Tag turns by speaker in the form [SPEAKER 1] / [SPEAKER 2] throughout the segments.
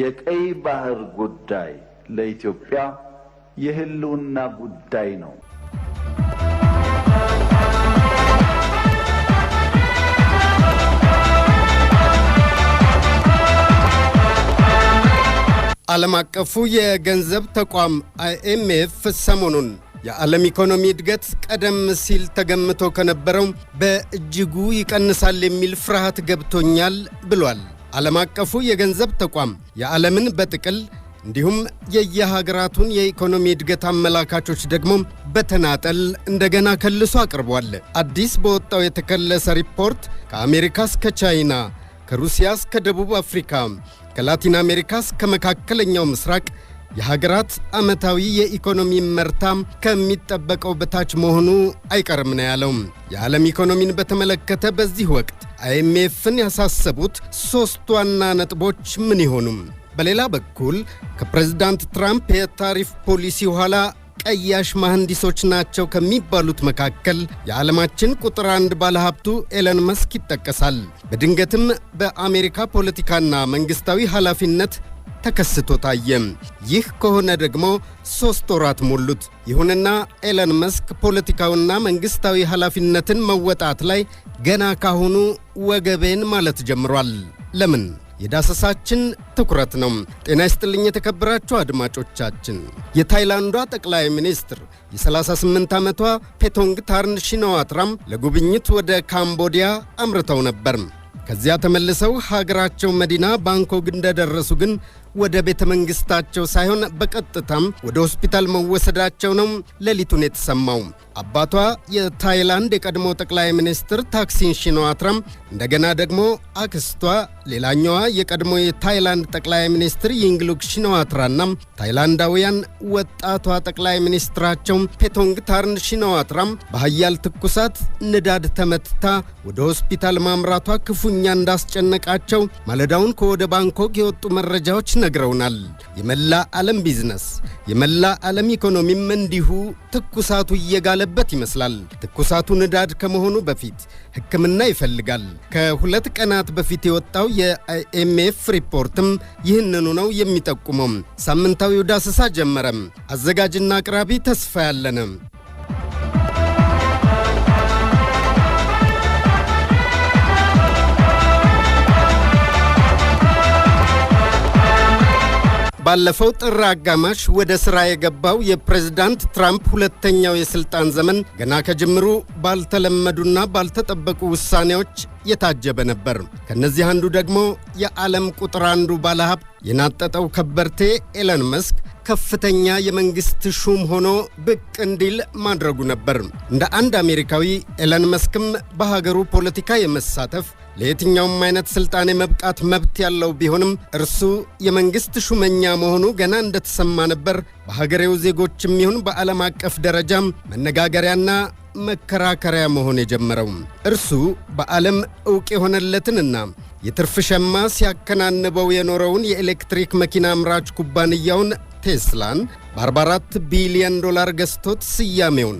[SPEAKER 1] የቀይ ባህር ጉዳይ ለኢትዮጵያ የህልውና ጉዳይ ነው። ዓለም አቀፉ የገንዘብ ተቋም አይኤምኤፍ ሰሞኑን የዓለም ኢኮኖሚ እድገት ቀደም ሲል ተገምቶ ከነበረው በእጅጉ ይቀንሳል የሚል ፍርሃት ገብቶኛል ብሏል። ዓለም አቀፉ የገንዘብ ተቋም የዓለምን በጥቅል እንዲሁም የየሀገራቱን የኢኮኖሚ እድገት አመላካቾች ደግሞ በተናጠል እንደገና ከልሶ አቅርቧል። አዲስ በወጣው የተከለሰ ሪፖርት ከአሜሪካ እስከ ቻይና፣ ከሩሲያ እስከ ደቡብ አፍሪካ፣ ከላቲን አሜሪካ እስከ መካከለኛው ምስራቅ የሀገራት ዓመታዊ የኢኮኖሚ መርታም ከሚጠበቀው በታች መሆኑ አይቀርም ነው ያለው። የዓለም ኢኮኖሚን በተመለከተ በዚህ ወቅት አይኤምኤፍን ያሳሰቡት ሦስት ዋና ነጥቦች ምን ይሆኑም? በሌላ በኩል ከፕሬዝዳንት ትራምፕ የታሪፍ ፖሊሲ ኋላ ቀያሽ መሐንዲሶች ናቸው ከሚባሉት መካከል የዓለማችን ቁጥር አንድ ባለሀብቱ ኤለን መስክ ይጠቀሳል። በድንገትም በአሜሪካ ፖለቲካና መንግሥታዊ ኃላፊነት ተከስቶ ታየ። ይህ ከሆነ ደግሞ ሦስት ወራት ሞሉት። ይሁንና ኤለን መስክ ፖለቲካውና መንግሥታዊ ኃላፊነትን መወጣት ላይ ገና ካሁኑ ወገቤን ማለት ጀምሯል። ለምን? የዳሰሳችን ትኩረት ነው። ጤና ይስጥልኝ የተከበራችሁ አድማጮቻችን። የታይላንዷ ጠቅላይ ሚኒስትር የ38 ዓመቷ ፔቶንግ ታርን ሺነዋትራም ለጉብኝት ወደ ካምቦዲያ አምርተው ነበር። ከዚያ ተመልሰው ሀገራቸው መዲና ባንኮግ እንደደረሱ ግን ወደ ቤተ መንግስታቸው ሳይሆን በቀጥታም ወደ ሆስፒታል መወሰዳቸው ነው ሌሊቱን የተሰማው። አባቷ የታይላንድ የቀድሞ ጠቅላይ ሚኒስትር ታክሲን ሺኖዋትራም እንደገና ደግሞ አክስቷ ሌላኛዋ የቀድሞ የታይላንድ ጠቅላይ ሚኒስትር ይንግሉክ ሺኖዋትራና ታይላንዳውያን ወጣቷ ጠቅላይ ሚኒስትራቸው ፔቶንግ ታርን ሺኖዋትራም በሀያል ትኩሳት ንዳድ ተመትታ ወደ ሆስፒታል ማምራቷ ክፉኛ እንዳስጨነቃቸው ማለዳውን ከወደ ባንኮክ የወጡ መረጃዎች ነግረውናል። የመላ ዓለም ቢዝነስ የመላ ዓለም ኢኮኖሚም እንዲሁ ትኩሳቱ እየጋለበት ይመስላል። ትኩሳቱ ንዳድ ከመሆኑ በፊት ሕክምና ይፈልጋል። ከሁለት ቀናት በፊት የወጣው የአይኤምኤፍ ሪፖርትም ይህንኑ ነው የሚጠቁመው። ሳምንታዊው ዳሰሳ ጀመረም። አዘጋጅና አቅራቢ ተስፋ ያለነ ባለፈው ጥር አጋማሽ ወደ ሥራ የገባው የፕሬዝዳንት ትራምፕ ሁለተኛው የሥልጣን ዘመን ገና ከጅምሩ ባልተለመዱና ባልተጠበቁ ውሳኔዎች የታጀበ ነበር። ከእነዚህ አንዱ ደግሞ የዓለም ቁጥር አንዱ ባለሀብት የናጠጠው ከበርቴ ኤለን መስክ ከፍተኛ የመንግስት ሹም ሆኖ ብቅ እንዲል ማድረጉ ነበር። እንደ አንድ አሜሪካዊ ኤለን መስክም በሀገሩ ፖለቲካ የመሳተፍ ለየትኛውም አይነት ስልጣን የመብቃት መብት ያለው ቢሆንም እርሱ የመንግስት ሹመኛ መሆኑ ገና እንደተሰማ ነበር በሀገሬው ዜጎችም ይሁን በዓለም አቀፍ ደረጃም መነጋገሪያና መከራከሪያ መሆን የጀመረው እርሱ በዓለም ዕውቅ የሆነለትንና የትርፍ ሸማ ሲያከናንበው የኖረውን የኤሌክትሪክ መኪና አምራች ኩባንያውን ቴስላን በ44 ቢሊዮን ዶላር ገዝቶት ስያሜውን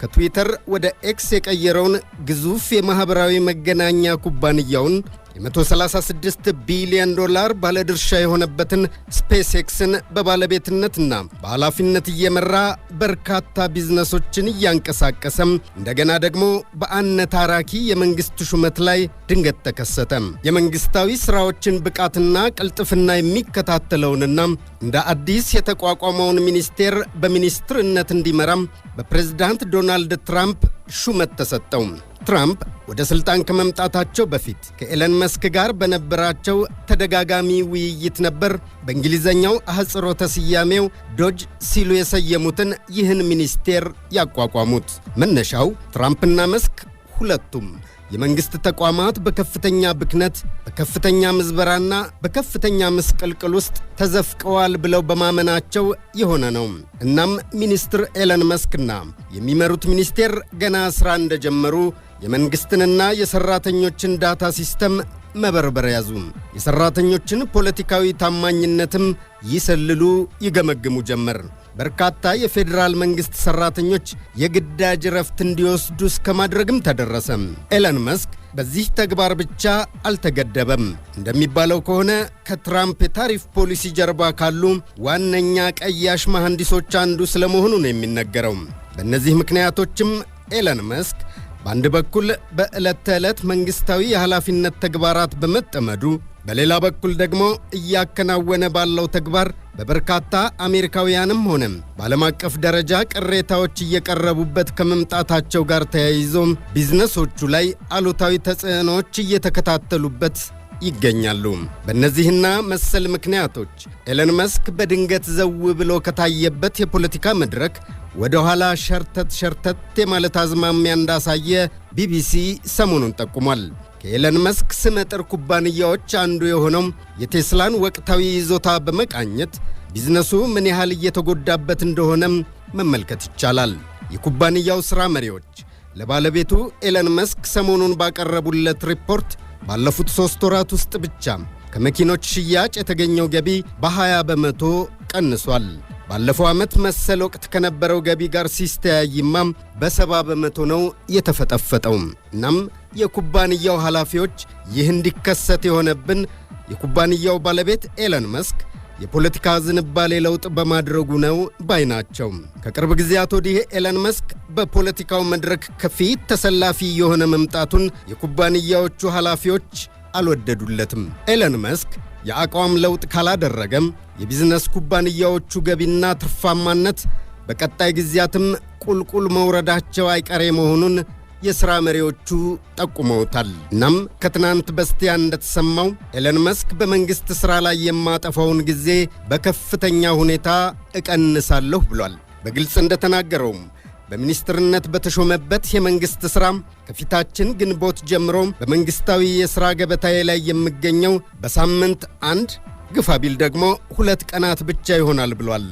[SPEAKER 1] ከትዊተር ወደ ኤክስ የቀየረውን ግዙፍ የማኅበራዊ መገናኛ ኩባንያውን የ136 ቢሊዮን ዶላር ባለድርሻ የሆነበትን ስፔስ ኤክስን በባለቤትነትና በኃላፊነት እየመራ በርካታ ቢዝነሶችን እያንቀሳቀሰም እንደገና ደግሞ በአነታራኪ የመንግሥት ሹመት ላይ ድንገት ተከሰተም። የመንግሥታዊ ሥራዎችን ብቃትና ቅልጥፍና የሚከታተለውንና እንደ አዲስ የተቋቋመውን ሚኒስቴር በሚኒስትርነት እንዲመራም በፕሬዝዳንት ዶናልድ ትራምፕ ሹመት ተሰጠው። ትራምፕ ወደ ሥልጣን ከመምጣታቸው በፊት ከኤለን መስክ ጋር በነበራቸው ተደጋጋሚ ውይይት ነበር በእንግሊዘኛው አህጽሮተ ስያሜው ዶጅ ሲሉ የሰየሙትን ይህን ሚኒስቴር ያቋቋሙት። መነሻው ትራምፕና መስክ ሁለቱም የመንግሥት ተቋማት በከፍተኛ ብክነት፣ በከፍተኛ ምዝበራና በከፍተኛ ምስቅልቅል ውስጥ ተዘፍቀዋል ብለው በማመናቸው የሆነ ነው። እናም ሚኒስትር ኤለን መስክና የሚመሩት ሚኒስቴር ገና ሥራ እንደጀመሩ የመንግሥትንና የሠራተኞችን ዳታ ሲስተም መበርበር ያዙ። የሠራተኞችን ፖለቲካዊ ታማኝነትም ይሰልሉ፣ ይገመግሙ ጀመር። በርካታ የፌዴራል መንግሥት ሠራተኞች የግዳጅ ረፍት እንዲወስዱ እስከ ማድረግም ተደረሰ። ኤለን መስክ በዚህ ተግባር ብቻ አልተገደበም። እንደሚባለው ከሆነ ከትራምፕ የታሪፍ ፖሊሲ ጀርባ ካሉ ዋነኛ ቀያሽ መሐንዲሶች አንዱ ስለመሆኑ ነው የሚነገረው። በእነዚህ ምክንያቶችም ኤለን መስክ በአንድ በኩል በዕለት ተዕለት መንግሥታዊ የኃላፊነት ተግባራት በመጠመዱ በሌላ በኩል ደግሞ እያከናወነ ባለው ተግባር በበርካታ አሜሪካውያንም ሆነ በዓለም አቀፍ ደረጃ ቅሬታዎች እየቀረቡበት ከመምጣታቸው ጋር ተያይዞም ቢዝነሶቹ ላይ አሉታዊ ተጽዕኖዎች እየተከታተሉበት ይገኛሉ። በእነዚህና መሰል ምክንያቶች ኤለን መስክ በድንገት ዘው ብሎ ከታየበት የፖለቲካ መድረክ ወደ ኋላ ሸርተት ሸርተት የማለት አዝማሚያ እንዳሳየ ቢቢሲ ሰሞኑን ጠቁሟል። ከኤለን መስክ ስመጥር ኩባንያዎች አንዱ የሆነው የቴስላን ወቅታዊ ይዞታ በመቃኘት ቢዝነሱ ምን ያህል እየተጎዳበት እንደሆነም መመልከት ይቻላል። የኩባንያው ሥራ መሪዎች ለባለቤቱ ኤለን መስክ ሰሞኑን ባቀረቡለት ሪፖርት ባለፉት ሦስት ወራት ውስጥ ብቻ ከመኪኖች ሽያጭ የተገኘው ገቢ በ20 በመቶ ቀንሷል። ባለፈው ዓመት መሰል ወቅት ከነበረው ገቢ ጋር ሲስተያይማም በሰባ በመቶ ነው የተፈጠፈጠው። እናም የኩባንያው ኃላፊዎች ይህ እንዲከሰት የሆነብን የኩባንያው ባለቤት ኤለን መስክ የፖለቲካ ዝንባሌ ለውጥ በማድረጉ ነው ባይ ናቸው። ከቅርብ ጊዜያት ወዲህ ኤለን መስክ በፖለቲካው መድረክ ከፊት ተሰላፊ የሆነ መምጣቱን የኩባንያዎቹ ኃላፊዎች አልወደዱለትም። ኤለን መስክ የአቋም ለውጥ ካላደረገም የቢዝነስ ኩባንያዎቹ ገቢና ትርፋማነት በቀጣይ ጊዜያትም ቁልቁል መውረዳቸው አይቀሬ መሆኑን የሥራ መሪዎቹ ጠቁመውታል። እናም ከትናንት በስቲያ እንደተሰማው ኤለን መስክ በመንግሥት ሥራ ላይ የማጠፋውን ጊዜ በከፍተኛ ሁኔታ እቀንሳለሁ ብሏል። በግልጽ እንደተናገረውም በሚኒስትርነት በተሾመበት የመንግሥት ሥራም ከፊታችን ግንቦት ጀምሮ በመንግሥታዊ የሥራ ገበታዬ ላይ የምገኘው በሳምንት አንድ ግፋ ቢል ደግሞ ሁለት ቀናት ብቻ ይሆናል ብሏል።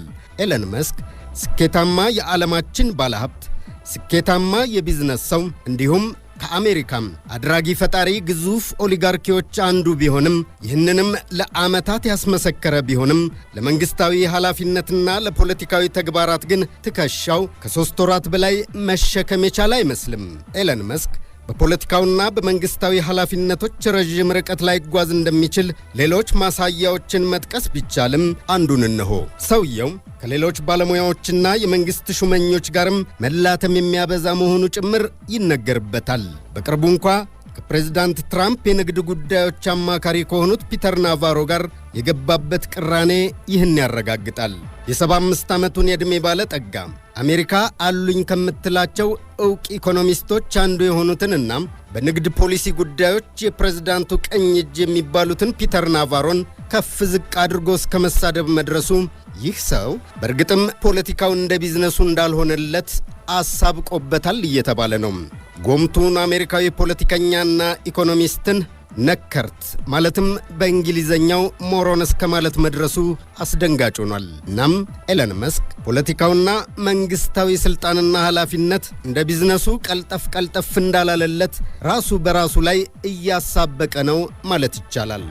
[SPEAKER 1] ኤለን መስክ ስኬታማ የዓለማችን ባለሀብት ስኬታማ የቢዝነስ ሰው እንዲሁም ከአሜሪካም አድራጊ ፈጣሪ ግዙፍ ኦሊጋርኪዎች አንዱ ቢሆንም ይህንንም ለዓመታት ያስመሰከረ ቢሆንም ለመንግሥታዊ ኃላፊነትና ለፖለቲካዊ ተግባራት ግን ትከሻው ከሦስት ወራት በላይ መሸከም የቻለ አይመስልም። ኤለን መስክ በፖለቲካውና በመንግሥታዊ ኃላፊነቶች ረዥም ርቀት ላይጓዝ እንደሚችል ሌሎች ማሳያዎችን መጥቀስ ቢቻልም አንዱን እነሆ። ሰውየው ከሌሎች ባለሙያዎችና የመንግሥት ሹመኞች ጋርም መላተም የሚያበዛ መሆኑ ጭምር ይነገርበታል። በቅርቡ እንኳ ከፕሬዝዳንት ትራምፕ የንግድ ጉዳዮች አማካሪ ከሆኑት ፒተር ናቫሮ ጋር የገባበት ቅራኔ ይህን ያረጋግጣል። የ75 ዓመቱን የዕድሜ ባለ አሜሪካ አሉኝ ከምትላቸው እውቅ ኢኮኖሚስቶች አንዱ የሆኑትንና በንግድ ፖሊሲ ጉዳዮች የፕሬዝዳንቱ ቀኝ እጅ የሚባሉትን ፒተር ናቫሮን ከፍ ዝቅ አድርጎ እስከ መሳደብ መድረሱ ይህ ሰው በእርግጥም ፖለቲካው እንደ ቢዝነሱ እንዳልሆነለት አሳብቆበታል እየተባለ ነው። ጎምቱን አሜሪካዊ ፖለቲከኛና ኢኮኖሚስትን ነከርት ማለትም በእንግሊዘኛው ሞሮን እስከ ማለት መድረሱ አስደንጋጭ ሆኗል። እናም ኤለን መስክ ፖለቲካውና መንግስታዊ ስልጣንና ኃላፊነት እንደ ቢዝነሱ ቀልጠፍ ቀልጠፍ እንዳላለለት ራሱ በራሱ ላይ እያሳበቀ ነው ማለት ይቻላል።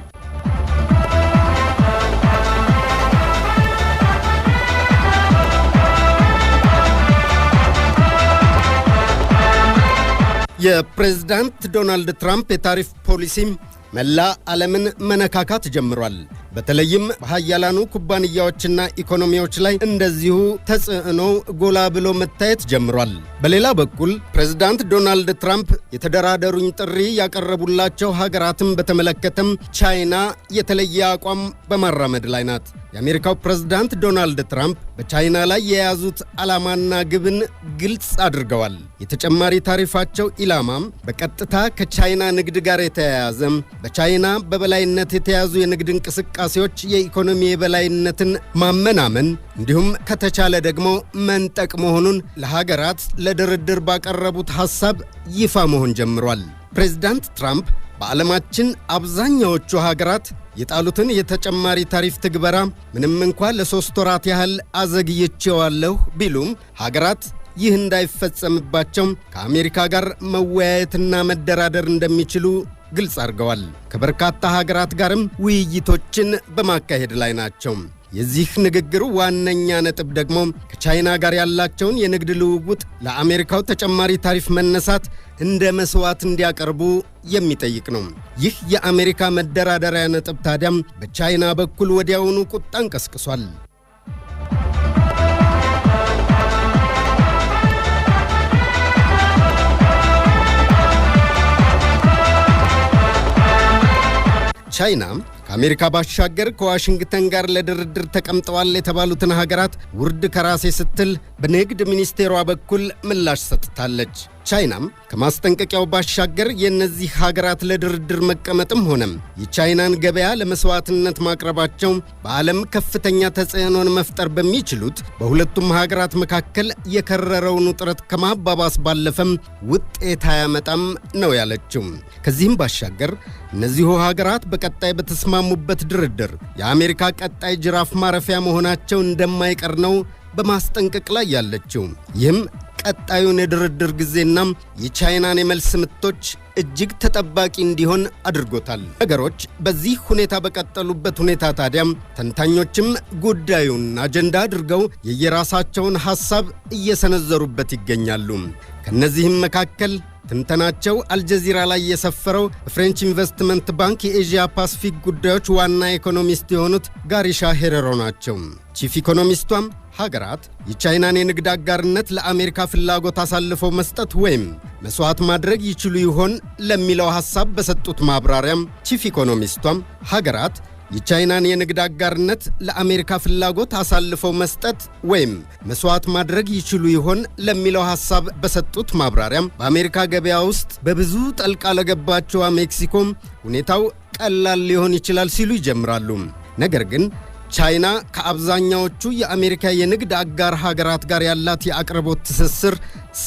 [SPEAKER 1] የፕሬዝዳንት ዶናልድ ትራምፕ የታሪፍ ፖሊሲም መላ ዓለምን መነካካት ጀምሯል። በተለይም በሀያላኑ ኩባንያዎችና ኢኮኖሚዎች ላይ እንደዚሁ ተጽዕኖ ጎላ ብሎ መታየት ጀምሯል። በሌላ በኩል ፕሬዝዳንት ዶናልድ ትራምፕ የተደራደሩኝ ጥሪ ያቀረቡላቸው ሀገራትን በተመለከተም ቻይና የተለየ አቋም በማራመድ ላይ ናት። የአሜሪካው ፕሬዝዳንት ዶናልድ ትራምፕ በቻይና ላይ የያዙት ዓላማና ግብን ግልጽ አድርገዋል። የተጨማሪ ታሪፋቸው ኢላማም በቀጥታ ከቻይና ንግድ ጋር የተያያዘም በቻይና በበላይነት የተያዙ የንግድ እንቅስቃሴ እንቅስቃሴዎች የኢኮኖሚ የበላይነትን ማመናመን እንዲሁም ከተቻለ ደግሞ መንጠቅ መሆኑን ለሀገራት ለድርድር ባቀረቡት ሐሳብ ይፋ መሆን ጀምሯል። ፕሬዚዳንት ትራምፕ በዓለማችን አብዛኛዎቹ ሀገራት የጣሉትን የተጨማሪ ታሪፍ ትግበራ ምንም እንኳ ለሦስት ወራት ያህል አዘግይቼዋለሁ ቢሉም ሀገራት ይህ እንዳይፈጸምባቸው ከአሜሪካ ጋር መወያየትና መደራደር እንደሚችሉ ግልጽ አድርገዋል። ከበርካታ ሀገራት ጋርም ውይይቶችን በማካሄድ ላይ ናቸው። የዚህ ንግግሩ ዋነኛ ነጥብ ደግሞ ከቻይና ጋር ያላቸውን የንግድ ልውውጥ ለአሜሪካው ተጨማሪ ታሪፍ መነሳት እንደ መስዋዕት እንዲያቀርቡ የሚጠይቅ ነው። ይህ የአሜሪካ መደራደሪያ ነጥብ ታዲያም በቻይና በኩል ወዲያውኑ ቁጣን ቀስቅሷል። ቻይና ከአሜሪካ ባሻገር ከዋሽንግተን ጋር ለድርድር ተቀምጠዋል የተባሉትን ሀገራት ውርድ ከራሴ ስትል በንግድ ሚኒስቴሯ በኩል ምላሽ ሰጥታለች። ቻይናም ከማስጠንቀቂያው ባሻገር የእነዚህ ሀገራት ለድርድር መቀመጥም ሆነም የቻይናን ገበያ ለመስዋዕትነት ማቅረባቸው በዓለም ከፍተኛ ተጽዕኖን መፍጠር በሚችሉት በሁለቱም ሀገራት መካከል የከረረውን ውጥረት ከማባባስ ባለፈም ውጤት አያመጣም ነው ያለችው። ከዚህም ባሻገር እነዚሁ ሀገራት በቀጣይ በተስማሙበት ድርድር የአሜሪካ ቀጣይ ጅራፍ ማረፊያ መሆናቸው እንደማይቀር ነው በማስጠንቀቅ ላይ ያለችው። ይህም ቀጣዩን የድርድር ጊዜና የቻይናን የመልስ ምቶች እጅግ ተጠባቂ እንዲሆን አድርጎታል። ነገሮች በዚህ ሁኔታ በቀጠሉበት ሁኔታ ታዲያም ተንታኞችም ጉዳዩን አጀንዳ አድርገው የየራሳቸውን ሐሳብ እየሰነዘሩበት ይገኛሉ። ከእነዚህም መካከል ትንተናቸው አልጀዚራ ላይ የሰፈረው ፍሬንች ኢንቨስትመንት ባንክ የኤዥያ ፓስፊክ ጉዳዮች ዋና ኢኮኖሚስት የሆኑት ጋሪሻ ሄረሮ ናቸው። ቺፍ ኢኮኖሚስቷም ሀገራት የቻይናን የንግድ አጋርነት ለአሜሪካ ፍላጎት አሳልፈው መስጠት ወይም መስዋዕት ማድረግ ይችሉ ይሆን ለሚለው ሐሳብ በሰጡት ማብራሪያም ቺፍ ኢኮኖሚስቷም ሀገራት የቻይናን የንግድ አጋርነት ለአሜሪካ ፍላጎት አሳልፈው መስጠት ወይም መስዋዕት ማድረግ ይችሉ ይሆን ለሚለው ሐሳብ በሰጡት ማብራሪያም በአሜሪካ ገበያ ውስጥ በብዙ ጠልቃ ለገባቸዋ ሜክሲኮም ሁኔታው ቀላል ሊሆን ይችላል ሲሉ ይጀምራሉ። ነገር ግን ቻይና ከአብዛኛዎቹ የአሜሪካ የንግድ አጋር ሀገራት ጋር ያላት የአቅርቦት ትስስር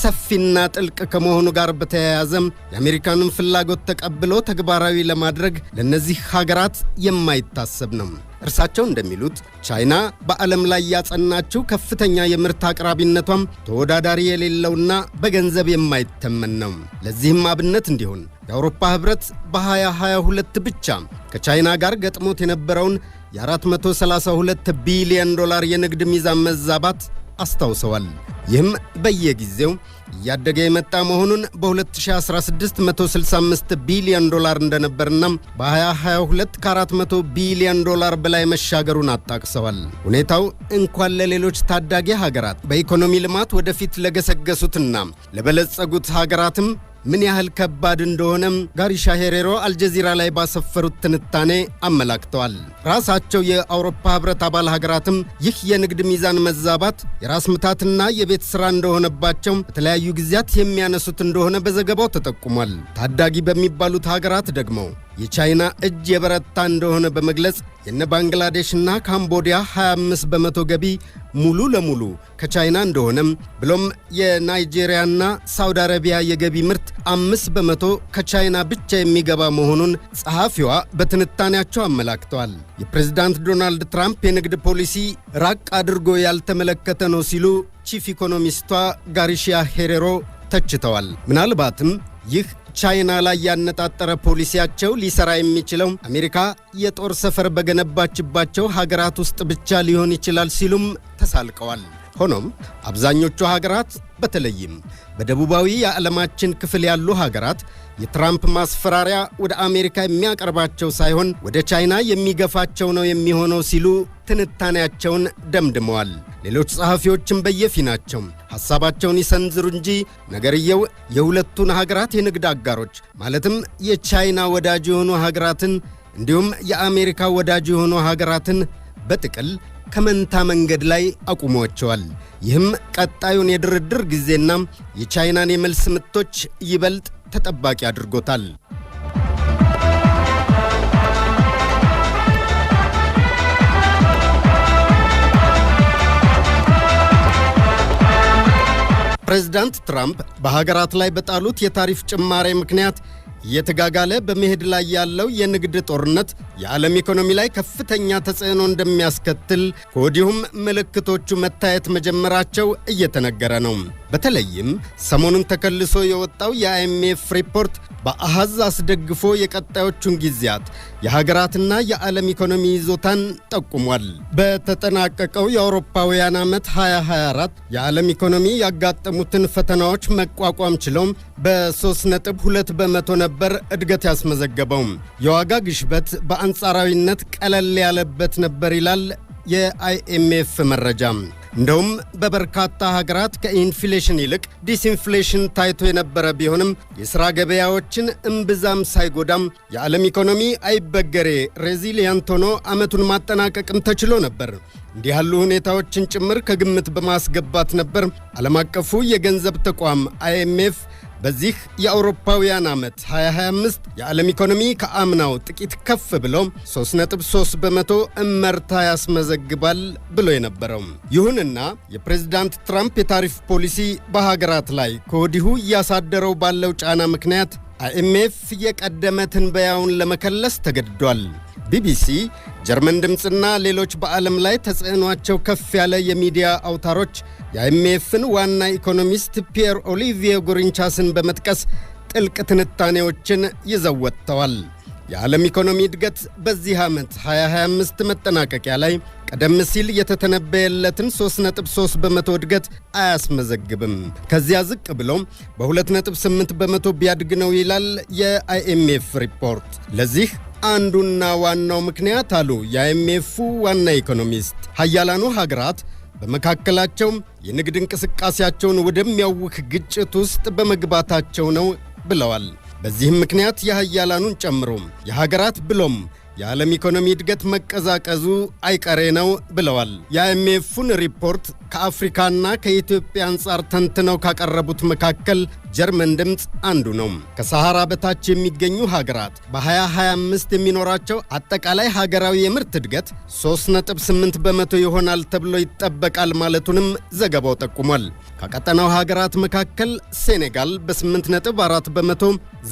[SPEAKER 1] ሰፊና ጥልቅ ከመሆኑ ጋር በተያያዘም የአሜሪካንን ፍላጎት ተቀብሎ ተግባራዊ ለማድረግ ለእነዚህ ሀገራት የማይታሰብ ነው። እርሳቸው እንደሚሉት ቻይና በዓለም ላይ ያጸናችው ከፍተኛ የምርት አቅራቢነቷም ተወዳዳሪ የሌለውና በገንዘብ የማይተመን ነው። ለዚህም አብነት እንዲሆን የአውሮፓ ኅብረት በ2022 ብቻ ከቻይና ጋር ገጥሞት የነበረውን የ432 ቢሊዮን ዶላር የንግድ ሚዛን መዛባት አስታውሰዋል። ይህም በየጊዜው እያደገ የመጣ መሆኑን በ2016 165 ቢሊዮን ዶላር እንደነበርና በ2022 ከ400 ቢሊዮን ዶላር በላይ መሻገሩን አጣቅሰዋል። ሁኔታው እንኳን ለሌሎች ታዳጊ ሀገራት በኢኮኖሚ ልማት ወደፊት ለገሰገሱትና ለበለጸጉት ሀገራትም ምን ያህል ከባድ እንደሆነም ጋሪሻ ሄሬሮ አልጀዚራ ላይ ባሰፈሩት ትንታኔ አመላክተዋል። ራሳቸው የአውሮፓ ህብረት አባል ሀገራትም ይህ የንግድ ሚዛን መዛባት የራስ ምታትና የቤት ስራ እንደሆነባቸው በተለያዩ ጊዜያት የሚያነሱት እንደሆነ በዘገባው ተጠቁሟል። ታዳጊ በሚባሉት ሀገራት ደግሞ የቻይና እጅ የበረታ እንደሆነ በመግለጽ የነ ባንግላዴሽና ካምቦዲያ 25 በመቶ ገቢ ሙሉ ለሙሉ ከቻይና እንደሆነም ብሎም የናይጄሪያና ሳውዲ አረቢያ የገቢ ምርት አምስት በመቶ ከቻይና ብቻ የሚገባ መሆኑን ጸሐፊዋ በትንታኔያቸው አመላክተዋል። የፕሬዝዳንት ዶናልድ ትራምፕ የንግድ ፖሊሲ ራቅ አድርጎ ያልተመለከተ ነው ሲሉ ቺፍ ኢኮኖሚስቷ ጋሪሺያ ሄሬሮ ተችተዋል። ምናልባትም ይህ ቻይና ላይ ያነጣጠረ ፖሊሲያቸው ሊሰራ የሚችለው አሜሪካ የጦር ሰፈር በገነባችባቸው ሀገራት ውስጥ ብቻ ሊሆን ይችላል ሲሉም ተሳልቀዋል። ሆኖም አብዛኞቹ ሀገራት በተለይም በደቡባዊ የዓለማችን ክፍል ያሉ ሀገራት የትራምፕ ማስፈራሪያ ወደ አሜሪካ የሚያቀርባቸው ሳይሆን ወደ ቻይና የሚገፋቸው ነው የሚሆነው ሲሉ ትንታኔያቸውን ደምድመዋል። ሌሎች ጸሐፊዎችም በየፊናቸው ሐሳባቸውን ይሰንዝሩ እንጂ ነገርየው የሁለቱን ሀገራት የንግድ አጋሮች ማለትም የቻይና ወዳጅ የሆኑ ሀገራትን እንዲሁም የአሜሪካ ወዳጅ የሆኑ ሀገራትን በጥቅል ከመንታ መንገድ ላይ አቁሟቸዋል። ይህም ቀጣዩን የድርድር ጊዜና የቻይናን የመልስ ምቶች ይበልጥ ተጠባቂ አድርጎታል። ፕሬዝዳንት ትራምፕ በሀገራት ላይ በጣሉት የታሪፍ ጭማሬ ምክንያት እየተጋጋለ በመሄድ ላይ ያለው የንግድ ጦርነት የዓለም ኢኮኖሚ ላይ ከፍተኛ ተጽዕኖ እንደሚያስከትል ከወዲሁም ምልክቶቹ መታየት መጀመራቸው እየተነገረ ነው። በተለይም ሰሞኑን ተከልሶ የወጣው የአይኤምኤፍ ሪፖርት በአሃዝ አስደግፎ የቀጣዮቹን ጊዜያት የሀገራትና የዓለም ኢኮኖሚ ይዞታን ጠቁሟል። በተጠናቀቀው የአውሮፓውያን ዓመት 2024 የዓለም ኢኮኖሚ ያጋጠሙትን ፈተናዎች መቋቋም ችሎም በ3.2 በመቶ ነበር እድገት ያስመዘገበው። የዋጋ ግሽበት በአንጻራዊነት ቀለል ያለበት ነበር ይላል የአይኤምኤፍ መረጃ እንደውም በበርካታ ሀገራት ከኢንፍሌሽን ይልቅ ዲስኢንፍሌሽን ታይቶ የነበረ ቢሆንም የሥራ ገበያዎችን እምብዛም ሳይጎዳም የዓለም ኢኮኖሚ አይበገሬ ሬዚሊያንት ሆኖ ዓመቱን ማጠናቀቅም ተችሎ ነበር። እንዲህ ያሉ ሁኔታዎችን ጭምር ከግምት በማስገባት ነበር ዓለም አቀፉ የገንዘብ ተቋም አይኤምኤፍ በዚህ የአውሮፓውያን ዓመት 2025 የዓለም ኢኮኖሚ ከአምናው ጥቂት ከፍ ብሎ 3.3 በመቶ እመርታ ያስመዘግባል ብሎ የነበረው ይሁንና የፕሬዚዳንት ትራምፕ የታሪፍ ፖሊሲ በሀገራት ላይ ከወዲሁ እያሳደረው ባለው ጫና ምክንያት አይኤምኤፍ የቀደመ ትንበያውን ለመከለስ ተገድዷል። ቢቢሲ፣ ጀርመን ድምፅና ሌሎች በዓለም ላይ ተጽዕኗቸው ከፍ ያለ የሚዲያ አውታሮች የአይኤምኤፍን ዋና ኢኮኖሚስት ፒየር ኦሊቪየ ጉሪንቻስን በመጥቀስ ጥልቅ ትንታኔዎችን ይዘው ወጥተዋል። የዓለም ኢኮኖሚ እድገት በዚህ ዓመት 2025 መጠናቀቂያ ላይ ቀደም ሲል የተተነበየለትን 3.3 በመቶ እድገት አያስመዘግብም። ከዚያ ዝቅ ብሎ በ2.8 በመቶ ቢያድግ ነው ይላል የአይኤምኤፍ ሪፖርት። ለዚህ አንዱና ዋናው ምክንያት አሉ የአይኤምኤፉ ዋና ኢኮኖሚስት ሀያላኑ ሀገራት በመካከላቸው የንግድ እንቅስቃሴያቸውን ወደሚያውክ ግጭት ውስጥ በመግባታቸው ነው ብለዋል። በዚህም ምክንያት የሀያላኑን ጨምሮ የሀገራት ብሎም የዓለም ኢኮኖሚ እድገት መቀዛቀዙ አይቀሬ ነው ብለዋል። የአይኤምኤፉን ሪፖርት ከአፍሪካና ከኢትዮጵያ አንጻር ተንትነው ካቀረቡት መካከል ጀርመን ድምፅ አንዱ ነው። ከሰሃራ በታች የሚገኙ ሀገራት በ2025 የሚኖራቸው አጠቃላይ ሀገራዊ የምርት እድገት 3.8 በመቶ ይሆናል ተብሎ ይጠበቃል ማለቱንም ዘገባው ጠቁሟል። ከቀጠናው ሀገራት መካከል ሴኔጋል በ8.4 በመቶ፣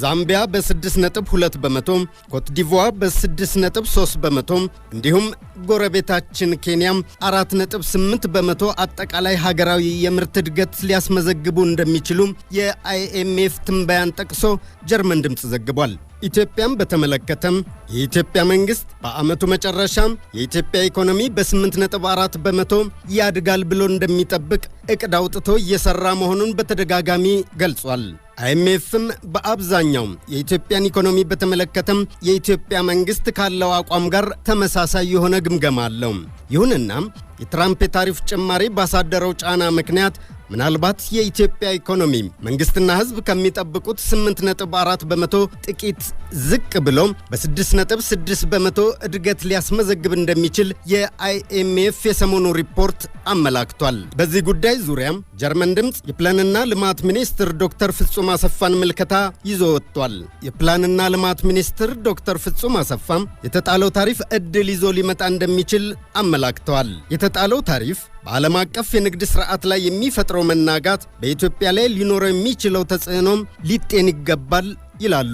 [SPEAKER 1] ዛምቢያ በ6.2 በመቶ፣ ኮትዲቮዋ በ6.3 በመቶ እንዲሁም ጎረቤታችን ኬንያም 4.8 በመቶ አጠቃላይ ሀገራዊ የምርት እድገት ሊያስመዘግቡ እንደሚችሉ የ የአይኤምኤፍ ትንበያን ጠቅሶ ጀርመን ድምፅ ዘግቧል። ኢትዮጵያን በተመለከተም የኢትዮጵያ መንግሥት በዓመቱ መጨረሻም የኢትዮጵያ ኢኮኖሚ በ8.4 በመቶ ያድጋል ብሎ እንደሚጠብቅ እቅድ አውጥቶ እየሠራ መሆኑን በተደጋጋሚ ገልጿል። አይኤምኤፍም በአብዛኛው የኢትዮጵያን ኢኮኖሚ በተመለከተም የኢትዮጵያ መንግሥት ካለው አቋም ጋር ተመሳሳይ የሆነ ግምገማ አለው። ይሁንና የትራምፕ የታሪፍ ጭማሪ ባሳደረው ጫና ምክንያት ምናልባት የኢትዮጵያ ኢኮኖሚ መንግስትና ህዝብ ከሚጠብቁት 8.4 በመቶ ጥቂት ዝቅ ብሎም በ6.6 በመቶ እድገት ሊያስመዘግብ እንደሚችል የአይኤምኤፍ የሰሞኑ ሪፖርት አመላክቷል። በዚህ ጉዳይ ዙሪያም ጀርመን ድምፅ የፕላንና ልማት ሚኒስትር ዶክተር ፍጹም አሰፋን ምልከታ ይዞ ወጥቷል። የፕላንና ልማት ሚኒስትር ዶክተር ፍጹም አሰፋም የተጣለው ታሪፍ ዕድል ይዞ ሊመጣ እንደሚችል አመላክተዋል። የተጣለው ታሪፍ በዓለም አቀፍ የንግድ ሥርዓት ላይ የሚፈጥረው መናጋት በኢትዮጵያ ላይ ሊኖረው የሚችለው ተጽዕኖም ሊጤን ይገባል ይላሉ።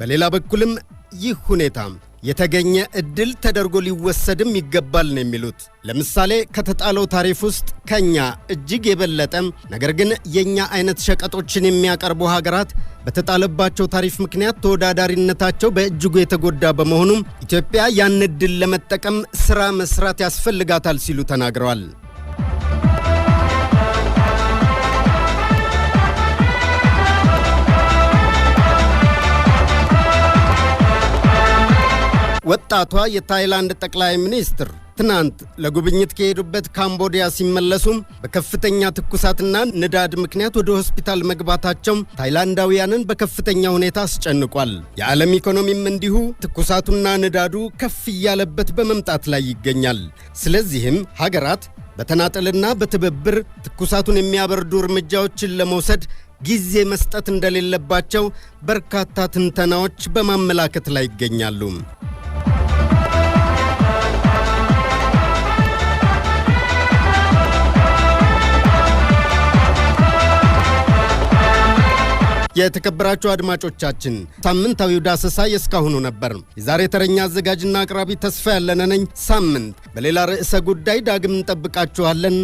[SPEAKER 1] በሌላ በኩልም ይህ ሁኔታ የተገኘ ዕድል ተደርጎ ሊወሰድም ይገባል ነው የሚሉት። ለምሳሌ ከተጣለው ታሪፍ ውስጥ ከኛ እጅግ የበለጠም ነገር ግን የእኛ አይነት ሸቀጦችን የሚያቀርቡ ሀገራት በተጣለባቸው ታሪፍ ምክንያት ተወዳዳሪነታቸው በእጅጉ የተጎዳ በመሆኑም ኢትዮጵያ ያን ዕድል ለመጠቀም ሥራ መስራት ያስፈልጋታል ሲሉ ተናግረዋል። ወጣቷ የታይላንድ ጠቅላይ ሚኒስትር ትናንት ለጉብኝት ከሄዱበት ካምቦዲያ ሲመለሱም በከፍተኛ ትኩሳትና ንዳድ ምክንያት ወደ ሆስፒታል መግባታቸው ታይላንዳውያንን በከፍተኛ ሁኔታ አስጨንቋል። የዓለም ኢኮኖሚም እንዲሁ ትኩሳቱና ንዳዱ ከፍ እያለበት በመምጣት ላይ ይገኛል። ስለዚህም ሀገራት በተናጠልና በትብብር ትኩሳቱን የሚያበርዱ እርምጃዎችን ለመውሰድ ጊዜ መስጠት እንደሌለባቸው በርካታ ትንተናዎች በማመላከት ላይ ይገኛሉ። የተከበራችሁ አድማጮቻችን ሳምንታዊው ዳሰሳ የእስካሁኑ ነበር። የዛሬ ተረኛ አዘጋጅና አቅራቢ ተስፋ ያለነነኝ ሳምንት በሌላ ርዕሰ ጉዳይ ዳግም እንጠብቃችኋለን።